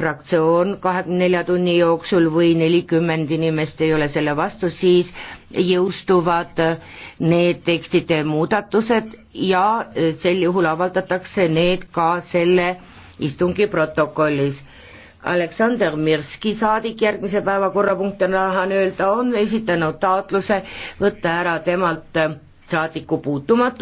fraktsioon kahekümne nelja tunni jooksul või nelikümmend inimest ei ole selle vastu, siis jõustuvad need tekstide muudatused ja eh, sel juhul avaldatakse need ka selle istungi protokollis. Aleksander Mirski saadik järgmise päevakorrapunktina tahan öelda, on esitanud taotluse võtta ära temalt saadiku puutumatus.